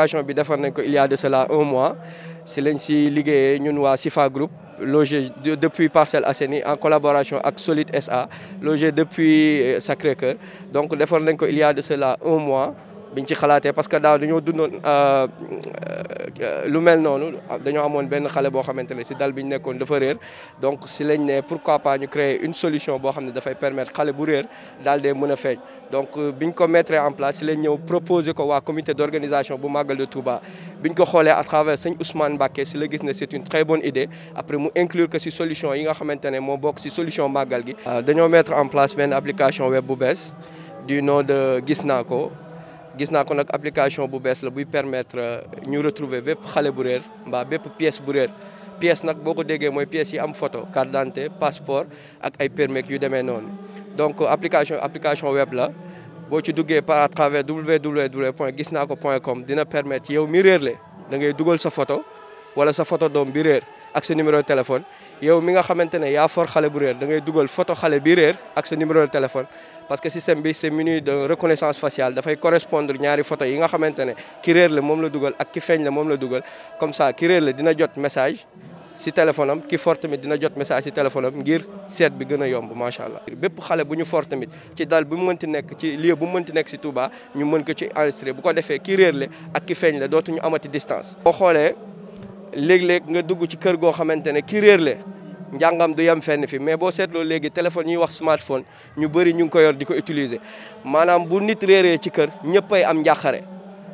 location bi defar nañ ko il y a de cela un mois C'est lañ si liggéeyee ñun wa Sifa Group logé depuis parcelle Asseni en collaboration avec Solid SA logé depuis euh, Sacré-Cœur donc defar nañ ko il y a de cela un mois biñ ci xalaatee parce que daaw dund euh, euh euh, lu mel nonu dañu amone ben xalé bo xamantene ci dal bi ñu dafa réer donc si lañ né pourquoi pas ñu créer une solution bo xam da fay permettre xalé bu réer dal dee mëna a donc euh, biñ ko mettre en place si lañ ñëw proposer ko wa comité d'organisation, bu Magal de Touba biñ ko xolé à travers Seigne Ousmane Mbacké si la gis né c'est une très bonne idée après mu inclure que ci solution yi nga xamantene mo bok ci solution magal gi euh, dañu mettre en place ben application web bu bees du nom de Gis gis naa ko nag application bu bees la buy permettre euh, ñu retrouver bépp xale bu réer mbaa bépp pièce bu réer pièce nag boo ko déggee mooy pièce yi am photo carte d'identité passeport ak ay permis yu demee noonu donc euh, application application web la boo ci duggee par à travers www point gis naa ko point com dina permettre yow mi réer le da ngay dugal sa photo wala sa photo doom bi réer ak sa numéro téléphone yow mi nga xamantene ya for xale bu réer da ngay duggal photo xale bi réer ak sa numéro de téléphone parce que système bi c'est menu de reconnaissance faciale da fay correspondre ñaari photo yi nga xamantene ki réer la mom la duggal ak ki feñ la mom la duggal comme ça ki réer la dina jot message si téléphone am ki for tamit dina jot message si téléphone am ngir set bi gëna yomb ma sha allah. bépp xale bu ñu for tamit ci dal bu mu mënti nekk ci lieu bu mu mënti nekk ci Touba ñu mën ko ci enregistrer bu ko défé ki réer la ak ki feñ la dootu ñu amati distance. bo xolé léeg-léeg nga dugg ci kër goo xamante ne ki réer le njàngam du yem fenn fi mais boo seetloo léegi téléphone ñuy wax smartphone ñu bëri ñu ngi ko yor di ko utiliser maanaam bu nit réeree ci kër ñëppay am njàqare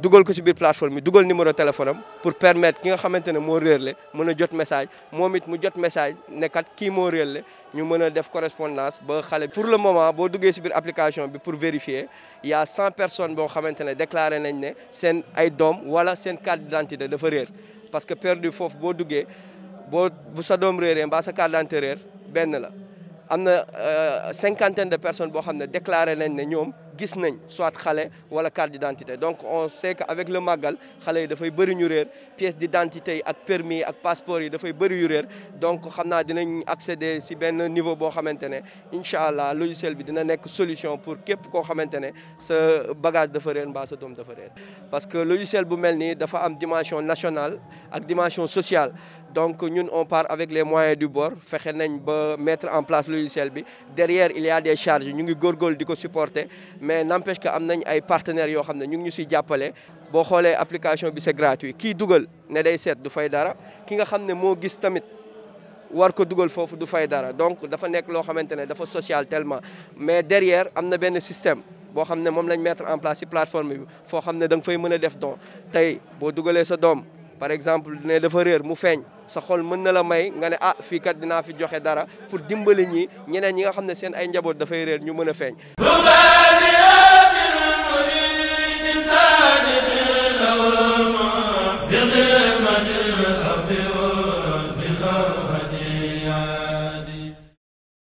dugal ko si biir plateforme bi dugal numéro téléphone pour permettre ki nga xamante ne moo réerle mën a jot message moom it mu jot message nekkat kat kii moo réerle ñu mën a def correspondance ba xale pour le moment boo duggee si biir application bi pour vérifier y a cent personnes boo xamante ne déclaré nañ ne seen ay doom wala seen carte d'identité dafa réer parce que perdu foofu boo duggee boo bu sa doom réeree mbaa sa carte d'identité réer benn la am na euh, cinquantaine de personnes boo xam ne déclaré nañ ne ñoom gis nañ soit ou wala carte d'identité donc on sait qu'avec le Magal, les yi fay bëri ñu pièce d'identité un permis un ak passeport yi dafay bëri yu donc xamna dinañ accéder à ce niveau bo xamantene inshallah logiciel bi dina une solution pour képp ko xamantene ce ce bagage fa réer ba sa da fa parce que logiciel bu une da fa am dimension nationale ak dimension sociale donc ñun on part avec les moyens du bord pour nañ ba mettre en place logiciel derrière il y a des charges ñu ngi gorgoles qui supporter mais n'empêche que am nañ ay partenaire yoo xam ne ñu ngi ñu siy jàppale boo xoolee application bi c'est gratuit kii dugal ne day seet du fay dara ki nga xam ne moo gis tamit war ko dugal foofu du fay dara donc dafa nekk loo xamante ne dafa social mais derrière am na benn système boo xam ne moom lañ mettre en place ci foo xam ne da fay mën a def don tey boo dugalee sa doom par exemple ne dafa réer mu feeñ sa xol mën na la may nga ne ah fii kat dinaa fi joxe dara pour dimbali ñi ñeneen ñi nga xam ne seen ay njaboot dafay réer ñu mën a feeñ